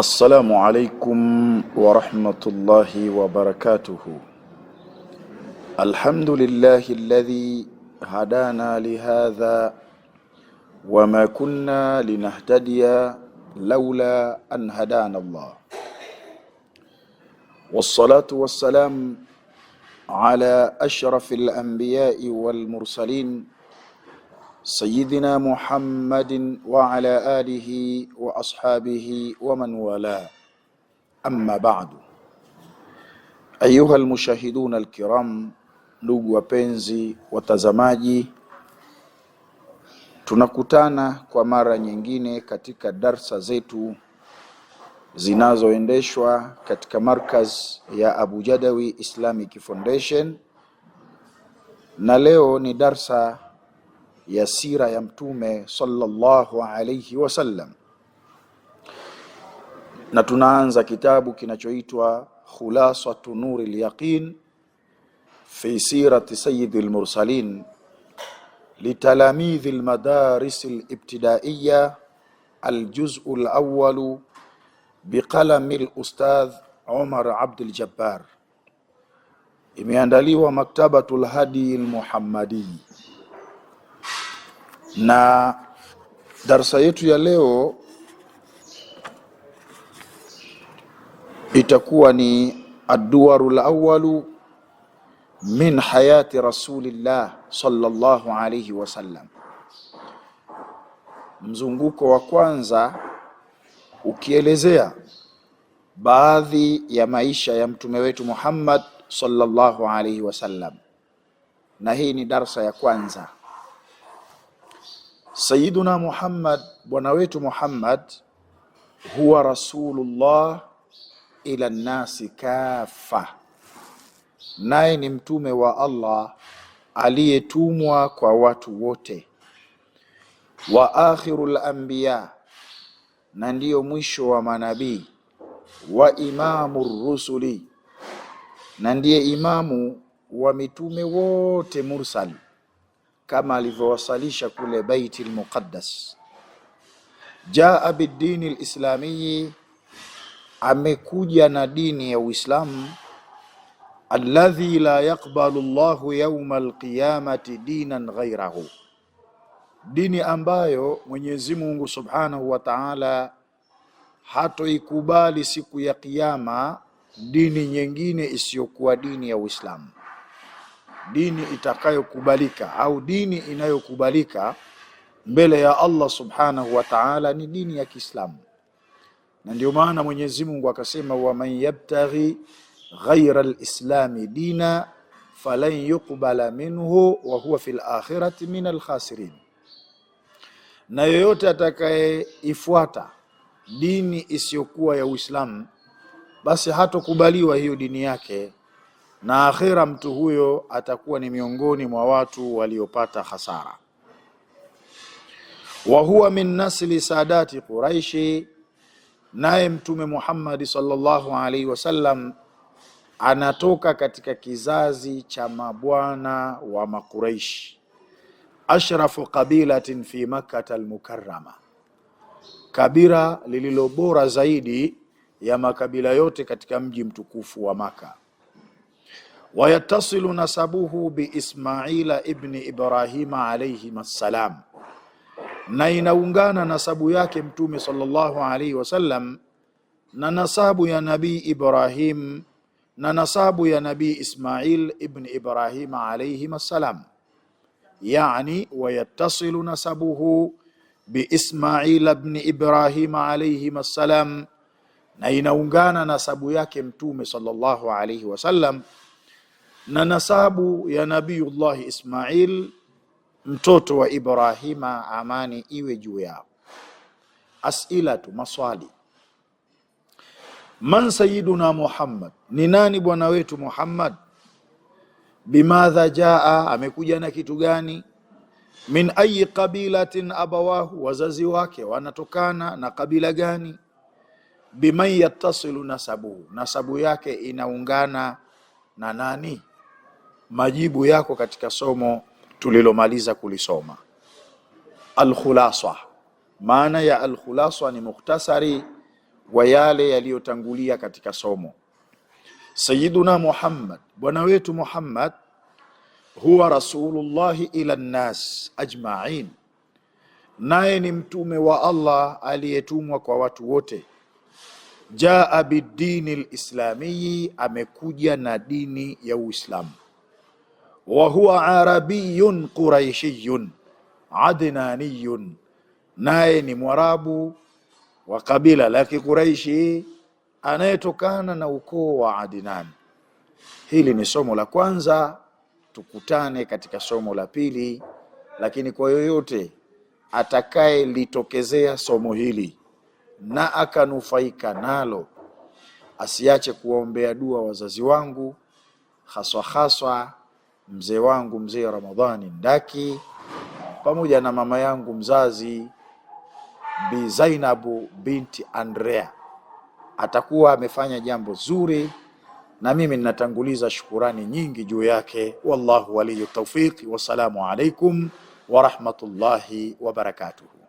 السلام عليكم ورحمة الله وبركاته الحمد لله الذي هدانا لهذا وما كنا لنهتدي لولا أن هدانا الله والصلاة والسلام على أشرف الأنبياء والمرسلين سيدنا محمد وعلى alihi وأصحابه ومن والاه أما بعد ayuha المشاهدون الكرام ndugu wapenzi watazamaji tunakutana kwa mara nyingine katika darsa zetu zinazoendeshwa katika markaz ya Abu Jadawi Islamic Foundation na leo ni darsa ya sira ya Mtume sallallahu alayhi wasallam, na tunaanza kitabu kinachoitwa Khulasatu Nuri Lyaqin fi Sirati Sayidi Lmursalin litalamidhi Lmadaris Libtidaiya Aljuzu Lawalu biqalami Lustadh Umar Abdul Jabbar, imeandaliwa Maktabatu Lhadii Lmuhammadi. Na darsa yetu ya leo itakuwa ni adduaru lawalu min hayati rasulillah sallallahu alayhi wasallam, mzunguko wa kwanza ukielezea baadhi ya maisha ya mtume wetu Muhammad sallallahu alayhi wasallam, na hii ni darsa ya kwanza. Sayyiduna Muhammad, bwana wetu Muhammad, huwa rasulullah ila nnasi kafa, naye ni mtume wa Allah aliyetumwa kwa watu wote. Wa akhirul anbiya, na ndiyo mwisho wa manabii. Wa imamu rusuli, na ndiye imamu wa mitume wote mursali kama alivyowasalisha kule Baiti Lmuqaddas. Jaa bidini lislamiyi, amekuja na dini ya Uislamu. Alladhi la yaqbalu llahu yauma lqiyamati dinan ghairahu, dini ambayo Mwenyezi Mungu subhanahu wa taala hatoikubali siku ya Kiyama dini nyingine isiyokuwa dini ya Uislamu dini itakayokubalika au dini inayokubalika mbele ya Allah subhanahu wa ta'ala ni dini ya Kiislamu, na ndio maana Mwenyezi Mungu akasema, waman yabtaghi ghaira lislami dina falan yuqbala minhu wa huwa fil akhirati min alkhasirin, na yoyote atakayeifuata dini isiyokuwa ya Uislamu basi hatokubaliwa hiyo dini yake na akhira mtu huyo atakuwa ni miongoni mwa watu waliopata hasara. Wa huwa min nasli sadati Quraishi, naye Mtume Muhammadi sallallahu alaihi wasallam anatoka katika kizazi cha mabwana wa Makuraishi, ashrafu qabilatin fi makkata almukarrama, kabila lililo bora zaidi ya makabila yote katika mji mtukufu wa makka ويتصل نسبه باسماعيل ابن ابراهيم عليهما السلام نين ونغانا نسب ياك متومي صلى الله عليه وسلم ننصاب يا نبي ابراهيم ننصاب يا نبي اسماعيل ابن ابراهيم عليهما السلام يعني ويتصل نسبه باسماعيل ابن ابراهيم عليهما السلام نين ونغانا نسب ياك متومي صلى الله عليه وسلم na nasabu ya Nabiyullahi Ismail mtoto wa Ibrahima, amani iwe juu yao. Asilatu, maswali. Man sayyiduna Muhammad, ni nani bwana wetu Muhammad? Bimadha jaa, amekuja na kitu gani? Min ayi qabilatin abawahu, wazazi wake wanatokana na kabila gani? Biman yattasilu nasabuhu, nasabu yake inaungana na nani? majibu yako katika somo tulilomaliza kulisoma. Alkhulasa, maana ya alkhulasa ni mukhtasari wa yale yaliyotangulia katika somo. Sayyiduna Muhammad, bwana wetu Muhammad, huwa rasulullahi ila nnas ajmain, naye ni mtume wa Allah aliyetumwa kwa watu wote. Jaa bidini lislamiyi, amekuja na dini ya Uislamu wa huwa arabiyun quraishiyun adnaniyun, naye ni mwarabu wa kabila la Kikuraishi anayetokana na ukoo wa Adnan. Hili ni somo la kwanza, tukutane katika somo la pili. Lakini kwa yoyote atakayelitokezea somo hili na akanufaika nalo, asiache kuwaombea dua wazazi wangu haswa haswa mzee wangu mzee Ramadhani Ndaki pamoja na mama yangu mzazi Bi Zainabu binti Andrea atakuwa amefanya jambo zuri, na mimi ninatanguliza shukurani nyingi juu yake. Wallahu waliyu tawfiqi. Wassalamu alaikum wa rahmatullahi wa barakatuh.